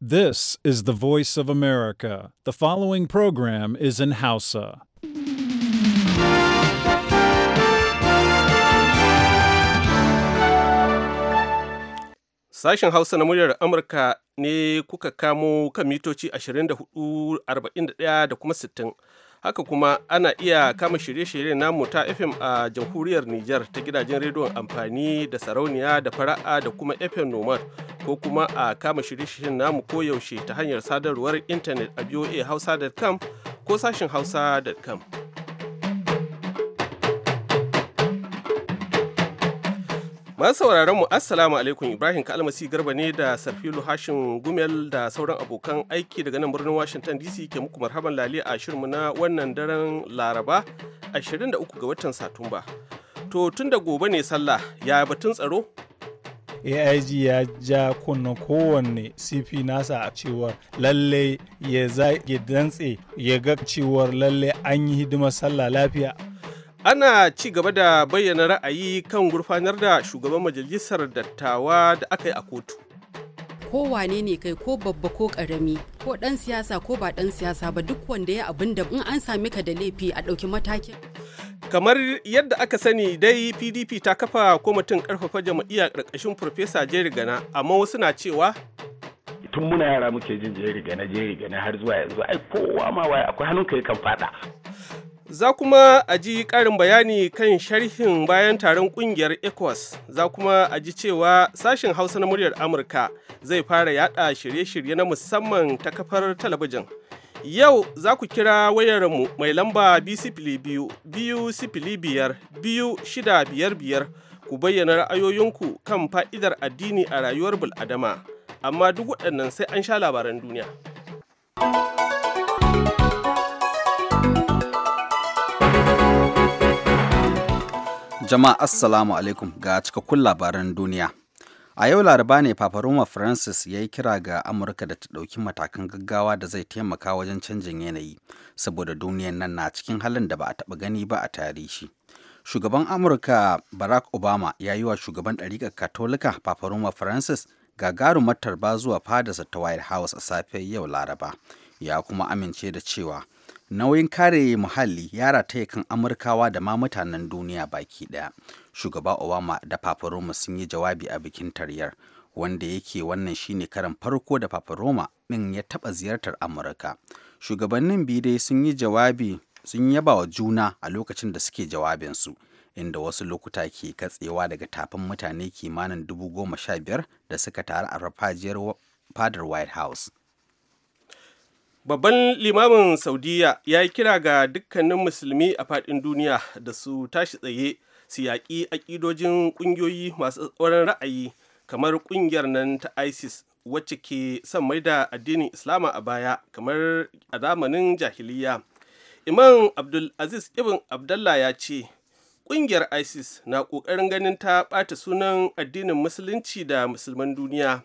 This is the voice of America. The following program is in Hausa. Sashen Hausa na muryar Amurka ne kuka kamo kan mitoci 24, 41 da kuma 60. haka kuma ana iya kama shirye-shiryen namu ta fm a jamhuriyar niger ta gidajen rediyon amfani da sarauniya da fara'a da kuma fm nomad ko kuma a kama shirye-shiryen namu koyaushe ta hanyar sadarwar intanet a voa hausa.com ko sashin hausa.com Masu sauraron mu Assalamu alaikum Ibrahim Kalmasi Garba ne da safilu hashin Gumel da sauran abokan aiki daga nan birnin Washington DC ke muku marhaban lali a shirinmu na wannan daren Laraba 23 ga watan Satumba. To tun da gobe ne sallah ya batun tsaro? AIG ya ja kunna kowanne CP nasa a cewar lalle ya zage dantse ya ga cewar lalle an yi hidimar sallah lafiya ana ci gaba da bayyana ra'ayi kan gurfanar da shugaban majalisar dattawa da aka yi a kotu ko wane ne kai ko babba ko karami ko dan siyasa ko ba dan siyasa ba duk wanda ya abin da in an sami ka da laifi a ɗauki matakin kamar yadda aka sani dai pdp ta kafa kwamitin karfafa jam'iyya ƙarƙashin farfesa jerry gana amma wasu na cewa tun muna yara muke jin jerry gana jerry gana har zuwa yanzu ai kowa ma waya akwai hannun kai kan fada Za kuma a ji ƙarin bayani kan sharhin bayan taron ƙungiyar ECOWAS, za kuma a ji cewa sashen Hausa na muryar Amurka zai fara yada shirye-shirye na musamman ta kafar talabijin. Yau za ku kira wayarmu mai lamba biyu biyu sifili biyar biyu shida biyar biyar ku bayyana ra'ayoyinku kan fa'idar addini a rayuwar bul'adama, amma duk waɗannan sai an sha labaran duniya. Jama'a Assalamu alaikum ga cikakkun labaran duniya. A yau laraba ne Roma Francis ya yi kira ga Amurka da ta ɗauki matakan gaggawa da zai taimaka wajen canjin yanayi, saboda duniyan nan na cikin halin da ba a taɓa gani ba a tarihi. Shugaban Amurka Barack Obama ya yi wa shugaban ɗariƙar Katolika Roma Francis gagarumar tarba zuwa fadasa ta White House a safiyar yau laraba, ya kuma amince da cewa nauyin kare muhalli ya rataye kan amurkawa da ma mutanen duniya baki daya shugaba obama da paparoma sun yi jawabi a bikin taryar wanda yake wannan shine karan farko da paparoma din ya taba ziyartar amurka shugabannin biyu dai sun yi jawabi sun yaba wa juna a lokacin da suke jawabinsu inda wasu lokuta ke katsewa daga tafin mutane kimanin dubu goma sha biyar da suka taru a farfajiyar fadar white house babban limamin saudiya ya yi kira ga dukkanin musulmi a faɗin duniya da su tashi tsaye su yaƙi aƙidojin ƙungiyoyi masu tsoron ra'ayi kamar ƙungiyar nan ta isis wacce ke son mai da addinin islama a baya kamar a zamanin jahiliya imam Abdul Aziz ibn Abdullah ya ce ƙungiyar isis na ƙoƙarin ganin ta ɓata sunan addinin musulunci da musulman duniya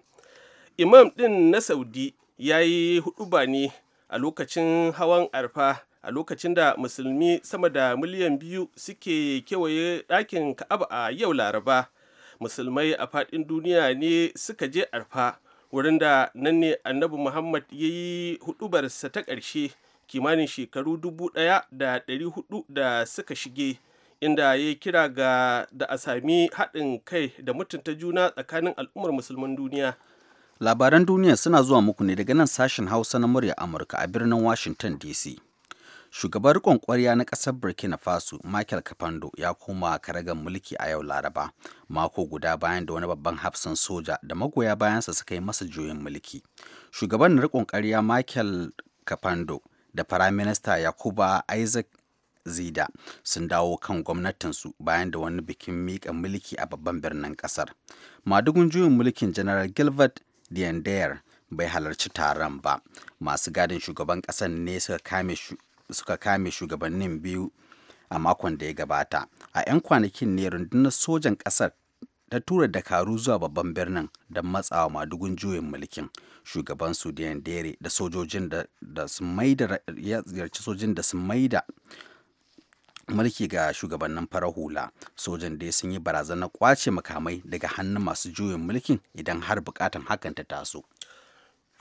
imam ɗin na saudi ya yi huɗuba ne a lokacin hawan arfa a lokacin da musulmi sama da miliyan biyu suke kewaye ɗakin ka'aba a yau laraba musulmai a faɗin duniya ne suka je arfa wurin da nan ne annabi muhammad ya yi hudubarsa ta ƙarshe kimanin shekaru dubu ɗaya da ɗari hudu da suka shige inda ya kira ga da a sami haɗin kai da mutunta juna tsakanin al'ummar musulman duniya Labaran duniya suna zuwa muku ne daga nan sashen Hausa na murya Amurka a birnin Washington DC. Shugaban riƙon ƙwarya na ƙasar Burkina Faso, Michael Kafando, ya koma karagar mulki a yau Laraba, mako guda bayan da wani babban hafsan soja da magoya bayansa suka yi masa juyin mulki. Shugaban na riƙon ƙwarya Michael Kafando da Firaminista Yakuba Isaac zida sun dawo kan gwamnatinsu bayan da wani bikin miƙa mulki a babban birnin ƙasar madugun juyin mulkin general gilbert diendere bai halarci taron ba masu gadin shugaban ƙasar ne suka kame shugabannin biyu a makon da ya gabata a 'yan kwanakin ne rundunar sojan ƙasar ta tura dakaru zuwa babban birnin don matsawa madugun juyin mulkin shugaban su da sojojin da sun maida mulki ga shugabannin farar hula sojan dai sun yi barazanar kwace makamai daga hannun masu juyin mulkin idan har bukatan hakan ta taso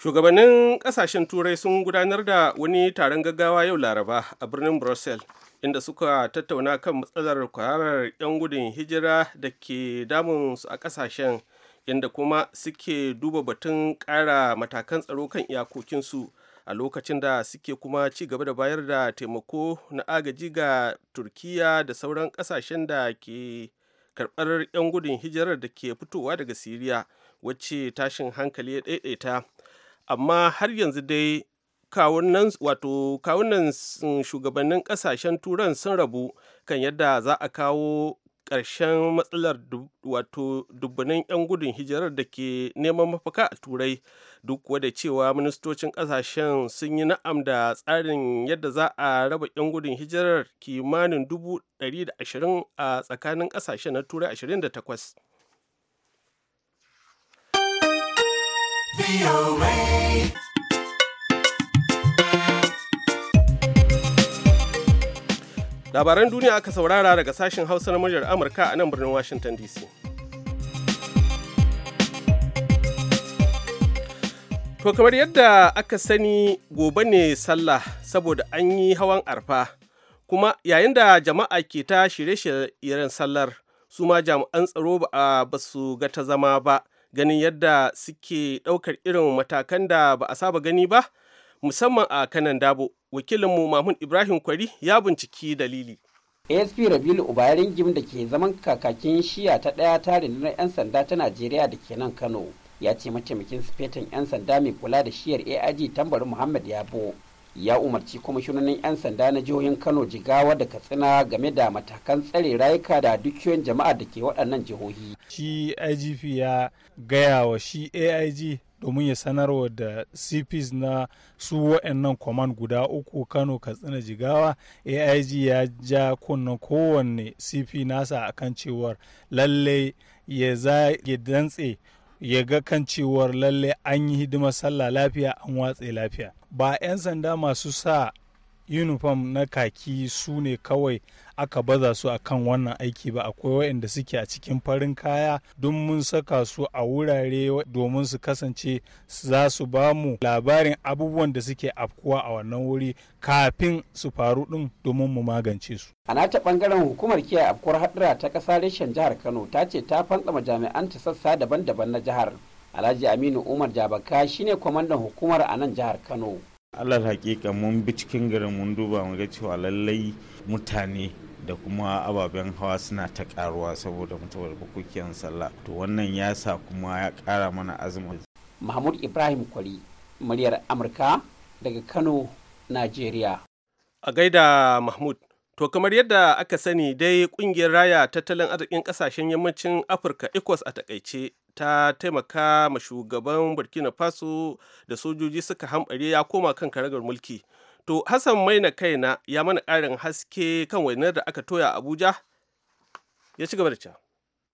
shugabannin kasashen turai sun gudanar da wani taron gaggawa yau laraba a birnin brussels inda suka tattauna kan matsalar kwararar 'yan gudun hijira da ke damunsu a kasashen inda kuma suke duba batun kara matakan tsaro kan iyakokinsu a lokacin da suke kuma ci gaba da bayar da taimako na agaji ga turkiya da sauran kasashen da ke karɓar 'yan gudun hijirar da ke fitowa daga siriya wacce tashin hankali ya ɗaiɗaita amma har yanzu dai kawunan mm, shugabannin kasashen turan sun rabu kan yadda za a kawo ƙarshen matsalar wato dubbanin 'yan gudun hijirar da ke neman mafaka a turai duk cewa ministocin ƙasashen sun yi na'am da tsarin yadda za a raba 'yan gudun hijirar kimanin 120 a tsakanin ƙasashen na turai 28 labaran duniya aka saurara daga sashen hausa na muryar amurka a nan birnin washington dc to kamar yadda aka sani gobe ne sallah saboda an yi hawan arfa kuma yayin da jama'a ke ta shirye-shiryen sallar su ma jami'an tsaro ba su ga ta zama ba ganin yadda suke ɗaukar irin matakan da ba a saba gani ba musamman a kanan dabo wakilinmu mahmud ibrahim kwari ya binciki dalili asp rabilu ubayarin gim da ke zaman kakakin shiya ta daya ta rundunar 'yan sanda ta najeriya da ke nan kano ya ce mataimakin sifetin 'yan sanda mai kula da shiyar aig tambarin muhammad yabo ya umarci kwamishinonin 'yan sanda na jihohin kano jigawa da katsina game da matakan tsare rayuka da dukiyoyin jama'a da ke waɗannan jihohi shi igp ya gaya wa shi aig domin ya sanarwa da cps na su wa'annan kwaman guda uku kano katsina jigawa aig ya ja kunna kowanne cp nasa akan cewar lalle ya zage dantse ya ga kan cewar lalle an yi hidimar sallah lafiya an watse lafiya ba 'yan sanda masu sa uniform na kaki su ne kawai aka baza su a kan wannan aiki ba akwai waɗanda suke a cikin farin kaya don mun saka su a wurare domin su kasance za su ba mu labarin abubuwan da suke afkuwa a wannan wuri kafin su faru ɗin domin mu magance su. a nata bangaren hukumar kiyaye afkuwar haɗura ta ƙasa reshen jihar kano ta ce ta fantsama jami'an ta sassa daban-daban na jihar alhaji aminu umar jabaka shine kwamandan hukumar a nan jihar kano alal hakika mun bi cikin garin mun duba mun ga cewa lallai mutane da kuma ababen hawa suna ta karuwa saboda mutuwar bukukiyar sallah to wannan ya sa kuma ya kara mana azumin mahmud ibrahim kwali muryar amurka daga kano najeriya a gaida mahmud to kamar yadda aka sani dai kungiyar raya tattalin arzikin kasashen yammacin afirka ecos a takaice ta taimaka ma shugaban burkina faso da sojoji suka hamɓare ya koma kan karagar mulki to hassan mai na kaina ya mana ƙarin haske kan wainar da aka toya abuja ya ci gaba da cewa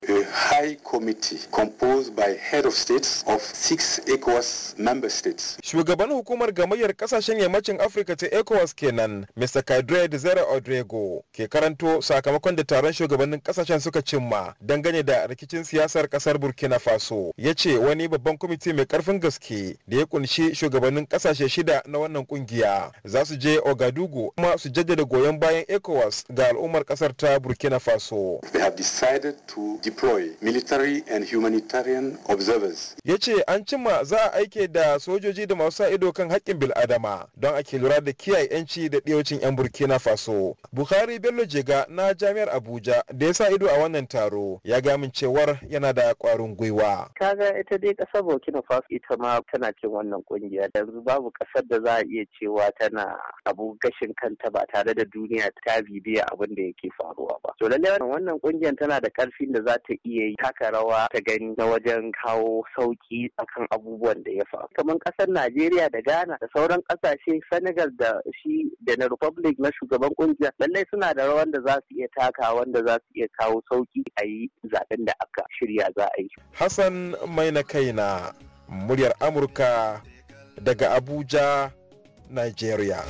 a high committee composed by head of states of six ECOWAS member states. Shugaban hukumar gamayyar kasashen yammacin Afirka ta ECOWAS kenan, Mr. Kadre Zara Odrego, ke karanto sakamakon da taron shugabannin kasashen suka cimma dangane da rikicin siyasar kasar Burkina Faso. Ya ce wani babban kwamiti mai karfin gaske da ya kunshi shugabannin kasashe shida na wannan kungiya za su je Ogadugu kuma su jaddada goyon bayan ECOWAS ga al'ummar kasar ta Burkina Faso. They have to deploy military and humanitarian observers. Ya ce an cimma za a aike da sojoji da masu sa ido kan haƙƙin bil'adama don ake lura da kiyaye 'yanci da ɗiyocin 'yan Burkina Faso. Bukhari Bello Jega na Jami'ar Abuja da ya sa ido a wannan taro ya ga min cewar yana da ƙwarin gwiwa. Kaga ita dai ƙasar Burkina Faso ita ma tana cin wannan ƙungiya yanzu babu ƙasar da za a iya cewa tana abu gashin kanta ba tare da duniya ta bibiya abin da yake faruwa ba. To lallai wannan ƙungiyar tana da ƙarfin da za ta iya taka rawa ta gani na wajen kawo sauki akan abubuwan da ya faru kamar ƙasar najeriya da ghana da sauran ƙasashe senegal da shi da na republic na shugaban ƙungiyar lallai suna da rawan da za su iya taka wanda za su iya kawo sauki a yi zaɓen da aka shirya za a yi hassan mai na kaina muryar amurka daga abuja nigeria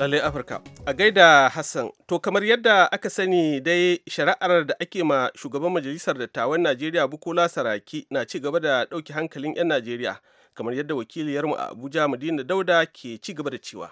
Lalle Afirka. A gaida Hassan, to kamar yadda aka sani dai shari'ar da ake ma shugaban majalisar dattawan Najeriya Bukola Saraki na ci gaba da ɗauki hankalin 'yan Najeriya, kamar yadda wakiliyarmu a Abuja Madina Dauda ke ci gaba da cewa.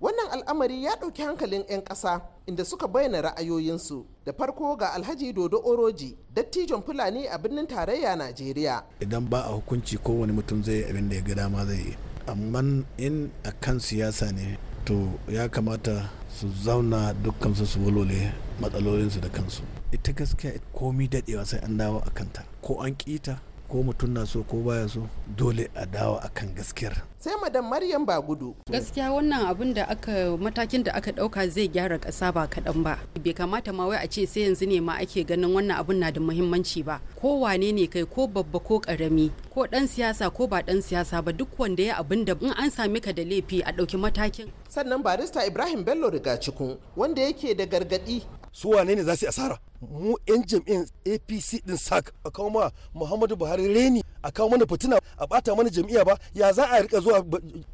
Wannan al'amari ya ɗauki hankalin 'yan ƙasa inda suka bayyana ra'ayoyinsu da farko ga Alhaji Dodo Oroji, dattijon Fulani a birnin tarayya Najeriya. Idan ba a hukunci kowane mutum zai abin da ya ga dama zai yi. Amma in a kan siyasa ne to ya kamata su zauna dukkansu su walwale matsalolinsu da kansu ita gaskiya komi daɗewa sai an dawo a kanta ko an ƙita ko mutum na so ko baya so dole a dawo akan gaskiyar sai madam maryam ba gudu gaskiya wannan abin da aka matakin da aka dauka zai gyara ƙasa ba kaɗan ba bai kamata ma wai a ce sai yanzu ne ma ake ganin wannan abin na da muhimmanci ba ko wane ne kai ko babba ko karami ko dan siyasa ko ba ɗan siyasa ba duk wanda ya abin da in an sami ka da laifi a ɗauki matakin sannan barista ibrahim bello riga cikin wanda yake da gargadi su wane ne za su asara mu yan jam'iyyar apc din sak a kawo ma muhammadu buhari reni a kawo mana fitina a bata mana jam'iyya ba ya za a rika zuwa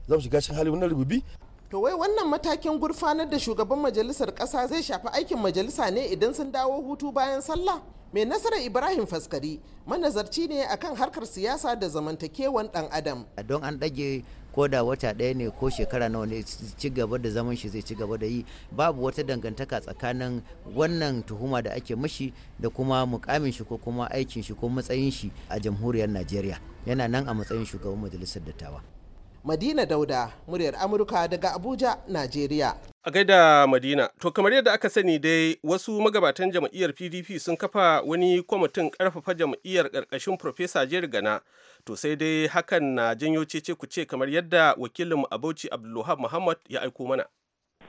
za mu shiga cikin hali wannan rububi to wai wannan matakin gurfanar da shugaban majalisar kasa zai shafi aikin majalisa ne idan sun dawo hutu bayan sallah mai nasarar ibrahim faskari manazarci ne akan harkar siyasa da zamantakewan dan adam don an ɗage ko da wata ɗaya ne ko shekara nawa ne ci gaba da zaman shi zai ci gaba da yi babu wata dangantaka tsakanin wannan tuhuma da ake mashi da kuma mukamin shi ko kuma aikin shi ko matsayin shi a jamhuriyar najeriya yana nan a matsayin shugaban majalisar dattawa Madina Dauda, muryar Amurka daga Abuja, Najeriya. A gaida Madina, to kamar yadda aka sani dai wasu magabatan jam'iyyar PDP sun kafa wani kwamitin ƙarfafa jam'iyyar ƙarƙashin Profesa Jerry Gana. To sai dai hakan na janyo cece ku ce kamar yadda wakilinmu a Bauchi Abdulluhab Muhammad ya aiko mana.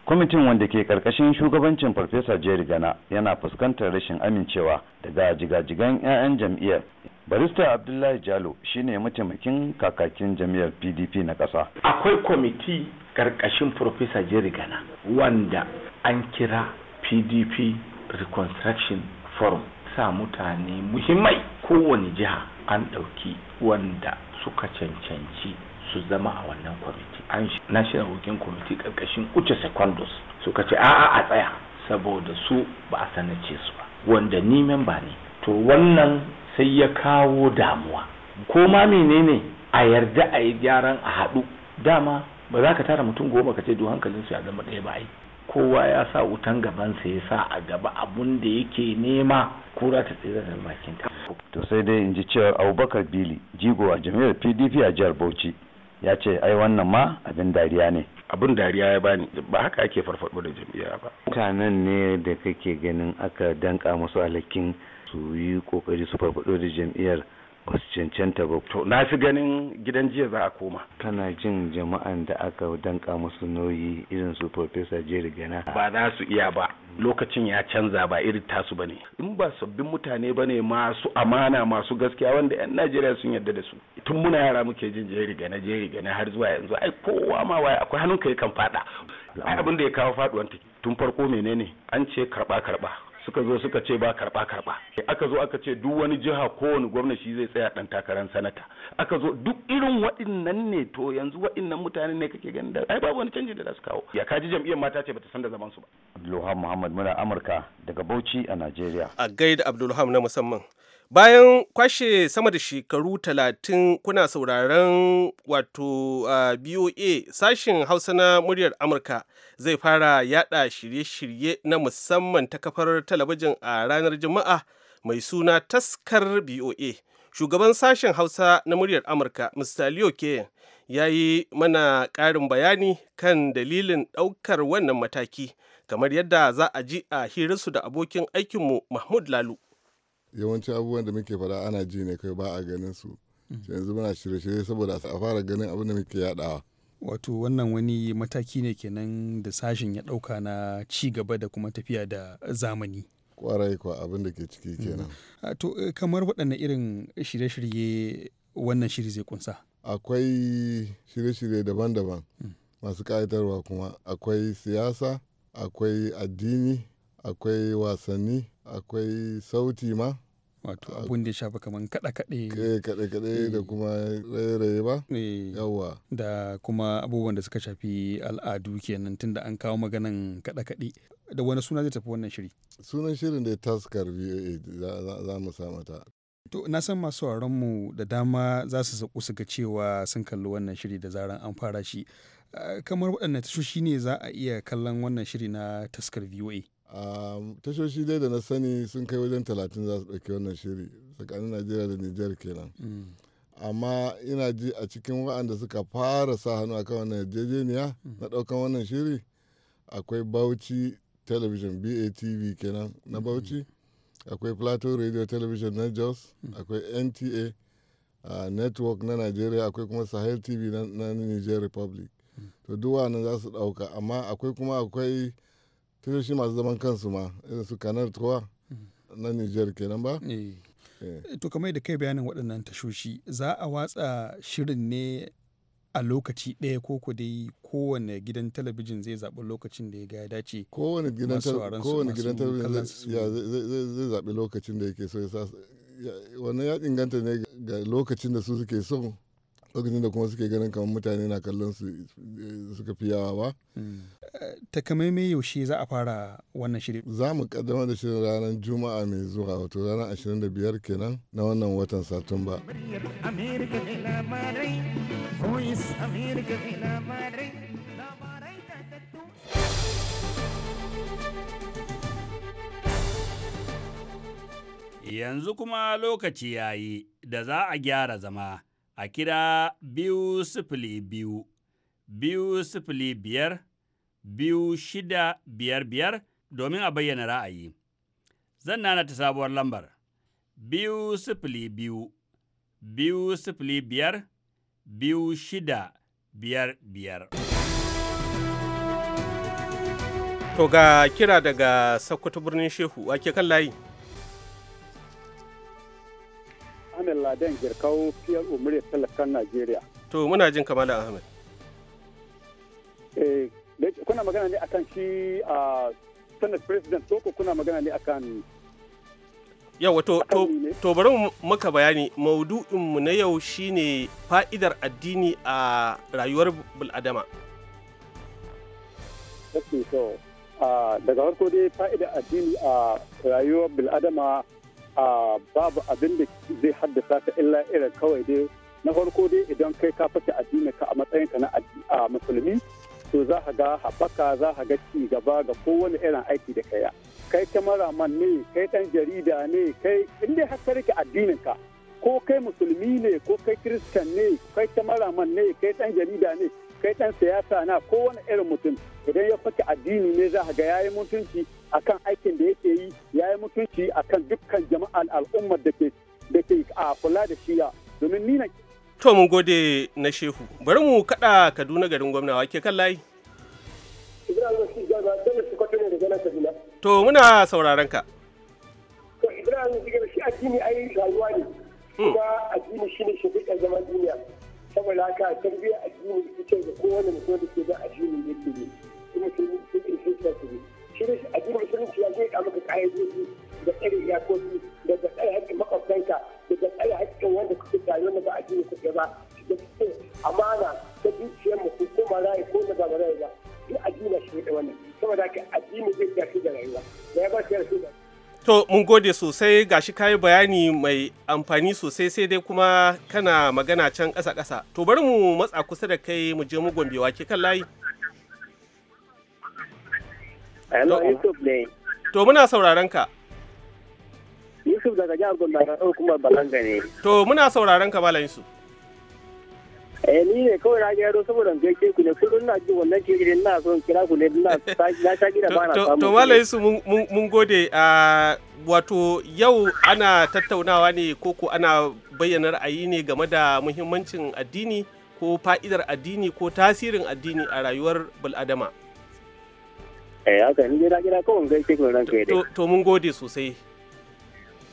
kwamitin wanda ke karkashin shugabancin farfesa jerry gana yana fuskantar rashin amincewa daga jigajigan 'ya'yan jam'iyyar barista abdullahi jalo shine mataimakin kakakin jam'iyyar pdp na ƙasa akwai kwamiti karkashin farfesa jerry gana wanda an kira pdp reconstruction forum sa mutane muhimmai kowane jiha an ɗauki wanda suka cancanci su zama a wannan kwamiti an national working committee karkashin uce secondos suka ce a'a a tsaya saboda su ba a sanace su ba wanda ni memba ne to wannan sai ya kawo damuwa ko ma menene a yarda a yi gyaran a haɗu dama ba za ka tara mutum goma ka ce hankalin su ya zama ɗaya ba ai kowa ya sa wutan gabansa ya sa a gaba abun da yake nema kura ta tsira da makinta To sai dai in ji cewa Abubakar Bili jigo a jami'ar PDP a jihar Bauchi ya ce ai wannan ma abin dariya ne abin dariya ya bani ba haka ake farfaɗo da jami'a ba mutanen ne da kake ganin aka danka musu alakin su yi kokari su farfado da jam'iyyar ba su cancanta ba to na fi ganin gidan jiya za a koma kana jin jama'an da aka danka musu nauyi irin su professor jerry gana ba za su iya ba lokacin ya canza ba irin tasu bane in ba sabbin mutane bane masu amana masu gaskiya wanda 'yan najeriya sun yarda da su tun muna yara muke jin jeri gane jeri gane har zuwa yanzu ai kowa ma waya akwai hannun kai kan fada ai abin da ya kawo faduwan ta tun farko menene an ce karba karba suka zo suka ce ba karba karba aka zo aka ce duk wani jiha kowane gwamna shi zai tsaya dan takarar sanata aka zo duk irin waɗannan ne to yanzu waɗannan mutane ne kake ganin da ai babu wani canji da za su kawo ya kaji jam'iyyar mata ce bata san da zaman su ba Abdulham Muhammad muna Amurka daga Bauchi a Najeriya a gaida Abdulham na musamman bayan kwashe sama da shekaru talatin kuna sauraron wato boa sashin hausa na muryar amurka zai fara yada shirye-shirye na musamman ta kafar talabijin a ranar juma'a mai suna taskar boa shugaban sashen hausa na muryar amurka mr leo ke ya yi mana ƙarin bayani kan dalilin ɗaukar wannan mataki kamar yadda za a ji a hirarsu da abokin aikinmu mahmud lalu yawanci abubuwan da muke fada ana ji ne kai ba a ganin su mm. yanzu muna shirye-shirye saboda a fara ganin abin da muke yaɗawa wato wannan wani mataki ne kenan da sashen ya ɗauka na ci gaba da kuma tafiya da zamani kwarai kwa abin da ke ciki mm. kenan to eh, kamar waɗanne irin shirye-shirye wannan shiri zai kunsa akwai shirye-shirye daban-daban mm. masu ƙayatarwa kuma akwai siyasa akwai addini akwai wasanni akwai sauti ma wato ah, abun da ya shafi kaman kaɗe-kaɗe kaɗe-kaɗe da eh. kuma raye-raye ba eh. yawa da kuma abubuwan da suka shafi al'adu kenan tunda an kawo maganan kaɗe-kaɗe da wani suna zai tafi wannan shiri sunan shirin da ya taskar voa za mu sa mata to na san masu mu da dama za su saku su ga cewa sun kalli wannan shiri da zaran an fara shi ah, kamar waɗannan tashoshi ne za a iya kallon wannan shiri na taskar voa tashoshi dai da na sani sun kai wajen talatin za su ɗauki wannan shiri tsakanin najeriya da nijar kenan mm. amma ina ji a cikin wa'anda suka fara sa hannu akan wannan yarjejeniya mm. na ɗaukan wannan shiri akwai bauchi television batv kenan na mm-hmm. bauchi akwai plateau radio television na jos mm. akwai nta uh, network na nigeria akwai kuma sahel tv na, na niger republic to duwa nan za su ɗauka amma akwai kuma akwai shi masu zaman kansu ma irin su kanar tuwa na niger kenan ba eh. Eh. to kamar da kai bayanin waɗannan tashoshi za a watsa shirin ne a lokaci ɗaya ko ku dai kowane gidan talabijin zai zaɓi lokacin da ya ga ya dace kowane gidan talabijin zai zaɓi lokacin da yake so wannan ya inganta ne ga lokacin da su suke so lokacin da kuma suke ganin kamar mutane na kallon su eh, suka fi yawa ba. Hmm. mai yaushe za a fara wannan shirin? Za mu kaddama da shirin ranar Juma'a mai zuwa wato ranar 25 kenan na wannan watan Satumba. Yanzu kuma lokaci ya yi da za a gyara zama. a kira biyu sifili biyu, biyu sifili biyar, biyu shida biyar biyar domin a bayyana ra'ayi. Zan nana ta sabuwar lambar, biyu sifili biyu, biyu sifili biyar, biyu shida biyar biyar. To ga kira daga Sokoto birnin Shehu, wake kan layi. Ahmed Laden Girkau fiyar umuriyar talakan Najeriya. To muna jin Kamala Ahmed. Eh, kuna magana ne akan shi a Senate President Soko kuna magana ne akan Yawa to, to, to bari maka bayani maudu'inmu na yau shine fa'idar addini a rayuwar bul'adama. so, Daga farko dai fa'idar addini a rayuwar bul'adama babu abin da zai haddasa ta illa irin kawai dai na farko dai idan kai ka fita addini ka a matsayin ka na musulmi to za ka ga haɓaka za ka ga ci gaba ga kowane irin aiki da kaya kai kamaraman ne kai ɗan jarida ne kai inda har ka rike addinin ka ko kai musulmi ne ko kai kiristan ne kai maraman ne kai dan jarida ne kai dan siyasa na ko wani irin mutum idan ya fake addini ne za a ga yayi mutunci akan aikin da yake yi yayi mutunci akan dukkan jama'a al'ummar da ke da ke a kula da shiya domin ni na to mun gode na shehu bari mu kada kaduna garin gwamnati ke kan layi to muna sauraron ka to shi addini ai rayuwa ne Hmm. kuma addini shi ne shi duka zaman duniya saboda haka tarbiyyar addini ita ce ga kowane mutum da ke da addini yake ne kuma ke yi su ɗin fita su ne shi ne addinin musulunci ya zai maka ƙa'idoji da tsare iyakoki da da tsare haƙƙin makwabtanka da da tsare haƙƙin wanda kuke tare na ba addini kuke ba da suke amana ta dukiyar mutum ko marayi ko na ba marayi ba duk addini shi ne wannan saboda haka addini zai tafi da rayuwa da ya ba shi da To mun gode sosai gashi kayi bayani mai amfani sosai sai dai kuma kana magana can ƙasa ƙasa. To bari mu matsa kusa da kai mu je mu gombe wake kan layi. Hello Yusuf ne. To muna sauraron ka. Yusuf daga jihar Gombe kuma Balanga ne. To muna sauraron ka Malam Yusuf. eh ni ne kawai na gyaro saboda in gaishe ku ne kullum na ji wannan gidan na so kira ku ne na na ta gida ba na samu to malai su mun gode a ah, wato yau ana tattaunawa ne ko ko ana bayyana ra'ayi ne game da muhimmancin addini ko fa'idar addini ko tasirin addini a rayuwar bil'adama. Eh haka ni gida gida kawai gaishe ku ran kai dai. To mun gode sosai.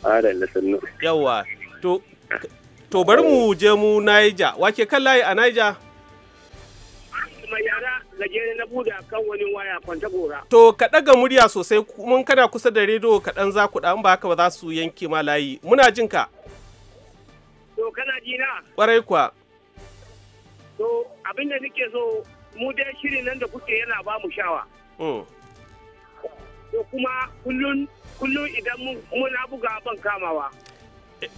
Adalla sannu. Yawwa to To bari mu je mu Naija, wake kan layi a Naija? na wani waya kwanta gora. To ka ɗaga murya sosai mun kana kusa da rediyo kaɗan za ku ɗan ba haka ba za su yanke ma layi. Muna jin ka. To kana ji na? Ƙwarai kuwa. To abin da nake so mu dai shirin nan da kuke yana ba mu shawa. Mm. To kuma kullum idan muna buga ban kamawa. Eh,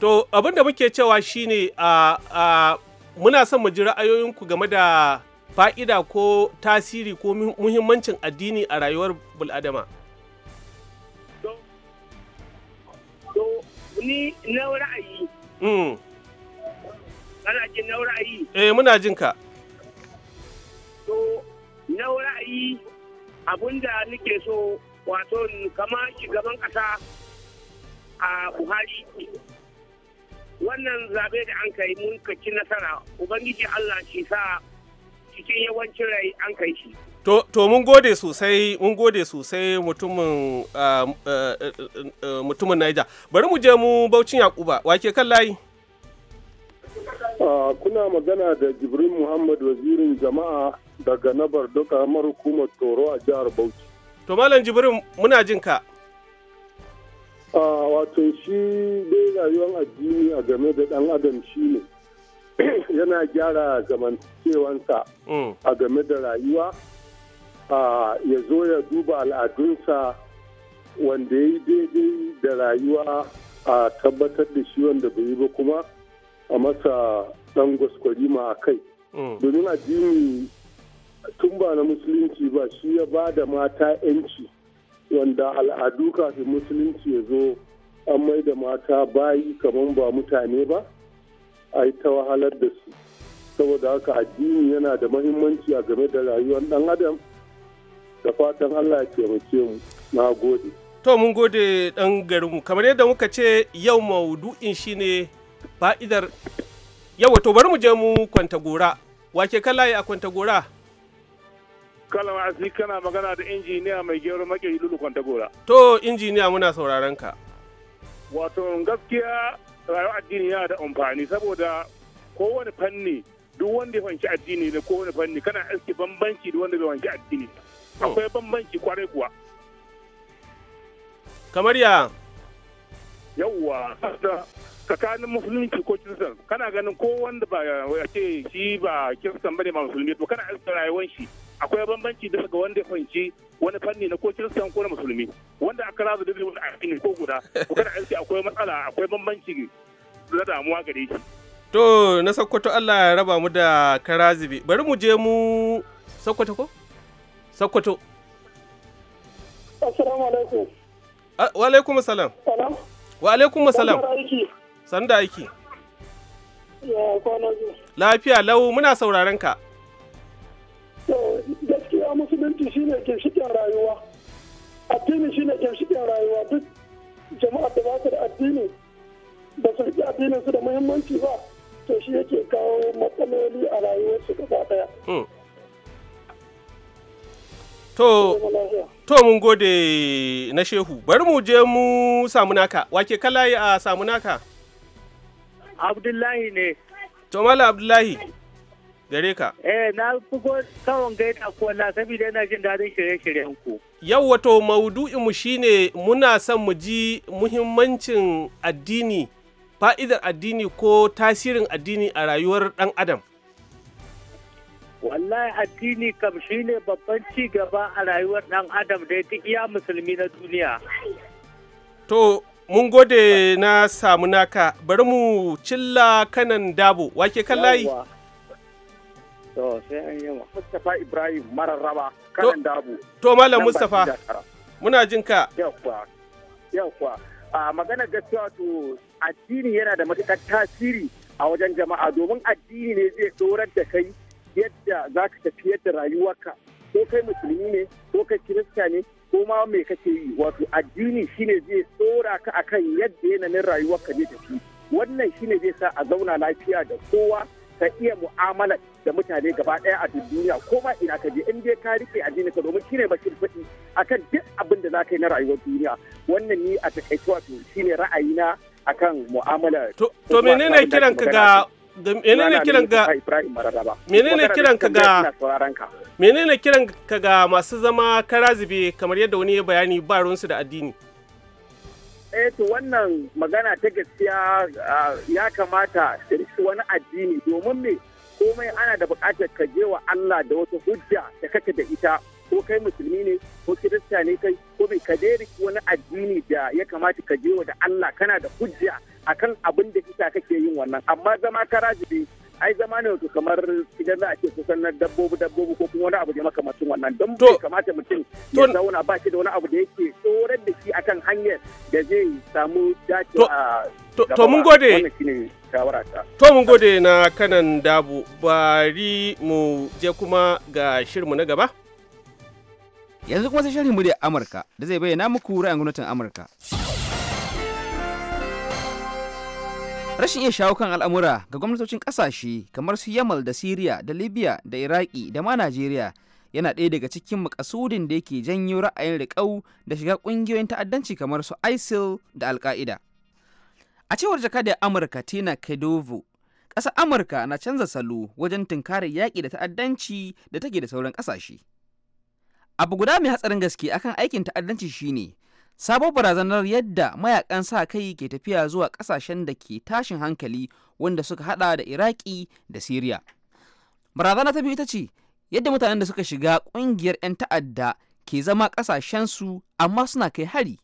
To abinda muke cewa shine a muna son mu ji ra'ayoyinku game da fa'ida ko tasiri ko muhimmancin addini a rayuwar bul'adama. To Ni na ra'ayi. Hmm. Ana jin na ra'ayi? Eh muna jin ka. To na ra'ayi abinda nake so wato kama shugaban ƙasa a Buhari wannan zaɓe da an kai mun ka ci nasara ubangiji Allah shi sa cikin yawancin rai an kai shi To, to mun gode sosai mun gode sosai mutumin ah, eh, eh, eh, mutumin Naija. Bari mu je mu Baucin Yakuba, wake kan layi. Ah, kuna magana da jibril Muhammad wazirin jama'a daga Nabar Doka Hukumar Toro a jihar Bauchi. To Malam Jibrin muna jinka. wato shi dai rayuwar addini a game da dan adam shi ne yana gyara zamantakewansa mm. a game da rayuwa ya zo ya duba al'adunsa wanda ya yi daidai da rayuwa a tabbatar da shi wanda bai yi ba kuma a masa ɗan ma a kai mm. domin addini tun ba na musulunci ba shi ya ba da mata 'yanci wanda al'adu kafin musulunci ya zo an mai da mata bayi kamar ba mutane ba a yi ta wahalar da su saboda haka addini yana da mahimmanci a game da rayuwar dan adam da fatan allah ya taimake mu na gode to mun gode dan garinmu kamar yadda muka ce yau maudu'in shine fa'idar yau to bari mu je mu kwanta gora wake kala a kwanta gora kalama asiri kana magana da injiniya mai gero makeri lulu gora. To injiniya muna sauraron ka. Wato gaskiya rayuwa addini yana da amfani saboda kowane fanni duk wanda ya wanke addini da kowane fanni kana aski bambanci da wanda bai fahimci addini. Akwai bambanci kwarai kuwa. Kamar ya? Yawwa, tsakanin musulunci ko kirsan kana ganin ko wanda ba ya ce shi ba kirsan bane ba musulmi to kana aski rayuwar shi. akwai bambanci bisa ga wanda ya fahimci wani fanni na ko kiristan ko na musulmi wanda aka razu duk wani addini ko guda ko kada aiki akwai matsala akwai bambanci da damuwa gare shi to na sakkwato Allah ya raba mu da karazibi bari mu je mu sakkwato ko sakkwato assalamu alaikum ah, wa alaikum salam wa alaikum assalam sanda aiki lafiya lau muna sauraron ka shine ginshiƙin rayuwa addini shine ginshiƙin rayuwa duk jama'a da ba da addini ba su riƙe addinin su da muhimmanci ba to shi yake kawo matsaloli a su gaba ɗaya. Hmm. To, to mun gode na shehu, bari mu je mu samu naka wake kalayi a samu naka. Abdullahi ne. To, Mala Abdullahi. gare ka. Eh na bugo kawon gaita ko Allah saboda yana jin dadin shirye-shiryen Yau wato maudu'in mu shine muna son mu ji muhimmancin addini, fa'idar addini ko tasirin addini a rayuwar ɗan adam. Wallahi addini kam shine babban cigaba a rayuwar ɗan adam da duk iya musulmi na duniya. To mun gode na samu naka bari mu cilla kanan dabo wake kan layi. To sai an yi Mustapha Ibrahim mararraba kanan dabu. To Malam Mustapha muna jin ka. Yawwa yawwa a magana gaskiya to addini yana da matukar tasiri a wajen jama'a domin addini ne zai dorar da kai yadda za ka tafi yadda rayuwarka ko kai musulmi ne ko kai kirista ne ko ma me kake yi wato addini shine zai tsora ka akan yadda yanayin rayuwarka zai tafi wannan shine zai sa a zauna lafiya da kowa ka iya mu'amala da mutane gaba ɗaya a duniya ko ma ina ka je in dai ka rike addini ka domin shine bashir a akan duk abin da za ka yi na rayuwar duniya wannan ni a takaice wato shine ra'ayina akan mu'amala to menene kiran ka ga menene kiran ga menene kiran ka ga menene kiran ka ga masu zama karazibe kamar yadda wani ya bayani ba ruwansu da addini eh to wannan magana ta gaskiya ah, ya kamata ta riki wani addini domin me komai ana da buƙatar ka je wa Allah da wata hujja da kake da ita ko kai musulmi ne ko kirista ne kai ko bai ka dai wani addini da ya kamata ka je da Allah kana da hujja akan abin da kisa kake yin wannan amma zama karajibi ai zama ne wato kamar idan za a ce kusan na dabbobi dabbobi ko kuma wani abu da makamacin wannan don bai kamata mutum ya zauna ba shi da wani abu da yake tsoron da shi akan hanyar da zai samu dace a to mun gode to mun gode na kanan dabu bari mu je kuma ga shirmu na gaba yanzu kuma sai shirin muryar amurka da zai bayyana muku ra'ayin gwamnatin amurka rashin iya shawo kan al'amura ga gwamnatocin kasashe kamar su yamal da siriya da libya da iraki da ma najeriya yana ɗaya daga cikin makasudin da yake janyo ra'ayin riƙau da shiga ƙungiyoyin ta'addanci kamar su isil da alka'ida a cewar jakadiyar amurka tina kedovo ƙasar amurka na canza salo wajen tunkarar yaƙi da ta'addanci da take da sauran ƙasashe abu guda mai hatsarin gaske akan aikin ta'addanci shine sabon barazanar yadda mayakan sa kai ke tafiya zuwa kasashen da ke tashin hankali wanda suka hada da iraki da siriya barazana ta biyu ita ce yadda mutanen da suka shiga kungiyar 'yan ta'adda ke zama kasashen su amma suna kai hari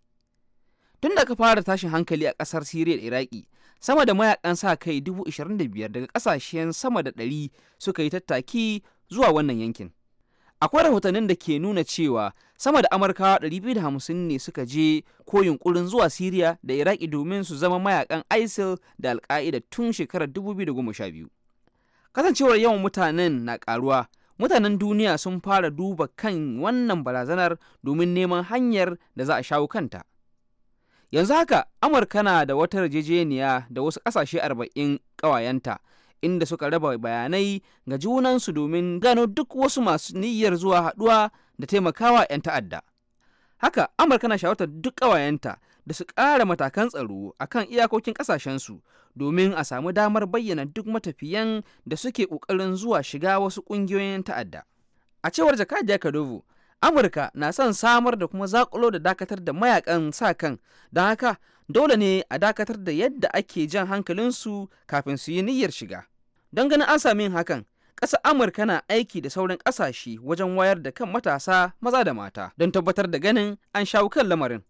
tun da fara tashin hankali a kasar siriya da iraki sama da mayakan sa kai 25,000 daga kasashen sama da 100 suka yi tattaki zuwa wannan yankin akwai rahotannin da ke nuna cewa sama da amurkawa 250 ne suka je ko yunkurin zuwa siriya da iraki domin su zama mayakan isil da alka'ida tun shekarar 2012 kasancewar yawan mutanen na karuwa mutanen duniya sun fara duba kan wannan barazanar domin neman hanyar da za a shawo kanta yanzu haka amurka na da wata yarjejeniya da wasu ƙasashe 40 ƙawayenta inda suka raba bayanai ga junansu domin gano duk wasu masu niyyar zuwa haɗuwa da taimakawa 'yan ta'adda. Haka Amurka na shawartar duk ƙawayenta da su ƙara matakan tsaro a kan iyakokin ƙasashensu domin a samu damar bayyana duk matafiyan da suke ƙoƙarin zuwa shiga wasu ƙungiyoyin ta'adda. A cewar Jakadiyar Kadovo, amurka na son samar da kuma zakulo da dakatar da mayakan sa kan don haka dole ne a dakatar da yadda ake jan hankalinsu kafin su yi niyyar shiga don ganin an sami hakan ƙasa amurka na aiki da sauran ƙasashe wajen wayar da kan matasa maza da mata don tabbatar da ganin an shawo kan lamarin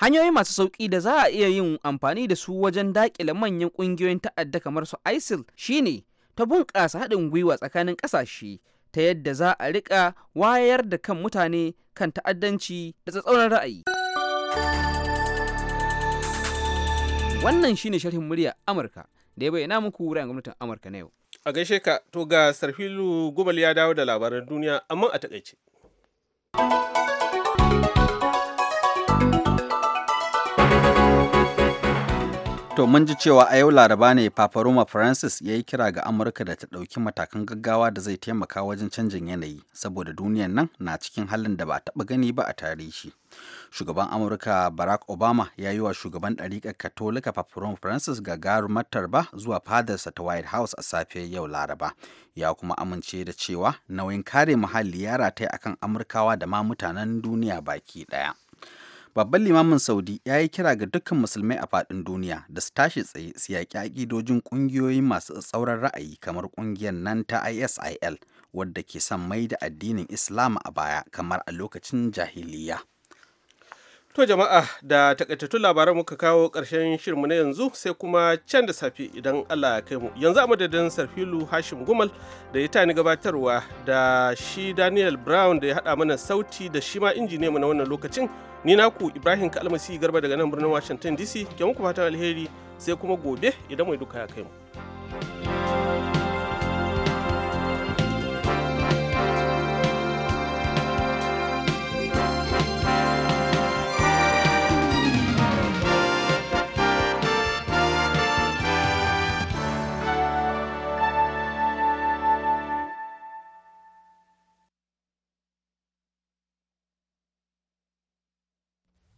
hanyoyi masu sauƙi da za a iya yin amfani da su wajen daƙile manyan ƙungiyoyin ta'adda kamar su isil shine ta bunƙasa haɗin gwiwa tsakanin ƙasashe ta yadda za a riƙa wayar da kan mutane kan ta'addanci da tsatsauran ra'ayi. Wannan shi ne sharhin murya Amurka da ya bayyana muku ra'ayin gwamnatin Amurka na yau. A gaishe ka to ga Sarfilu Gubal ya dawo da labaran duniya amma a takaice. To mun ji cewa a yau laraba ne Paparoma Francis ya yi kira ga Amurka da ta ɗauki matakan gaggawa da zai taimaka wajen canjin yanayi saboda duniyar nan na cikin halin da ba taɓa gani ba a tarihi. Shugaban Amurka Barack Obama ya yi wa shugaban ɗariƙar Katolika Paparoma Francis gagarumar ba zuwa fadarsa ta White House a safe yau laraba. Ya kuma amince da cewa nauyin kare muhalli ya rataya akan Amurkawa da ma mutanen duniya baki ɗaya. Babban limamin Saudi ya yi kira ga dukkan musulmai a faɗin duniya da su tashi tsaye su yaƙi aƙidojin ƙungiyoyi masu tsauran ra'ayi kamar ƙungiyar nan ta ISIL wadda ke son mai da addinin Islam a baya kamar a lokacin jahiliya. To jama'a da takaitattun labaran muka kawo ƙarshen shirinmu na yanzu sai kuma can da safe idan Allah ya kai mu. Yanzu a madadin Sarfilu Hashim Gumal da ya tani gabatarwa da shi Daniel Brown da ya haɗa mana sauti da shi ma injiniya mu na wannan lokacin. Ni naku Ibrahim Kalmasi Garba daga nan birnin Washington DC ke muku fatan alheri sai kuma gobe idan mai duka ya kai mu.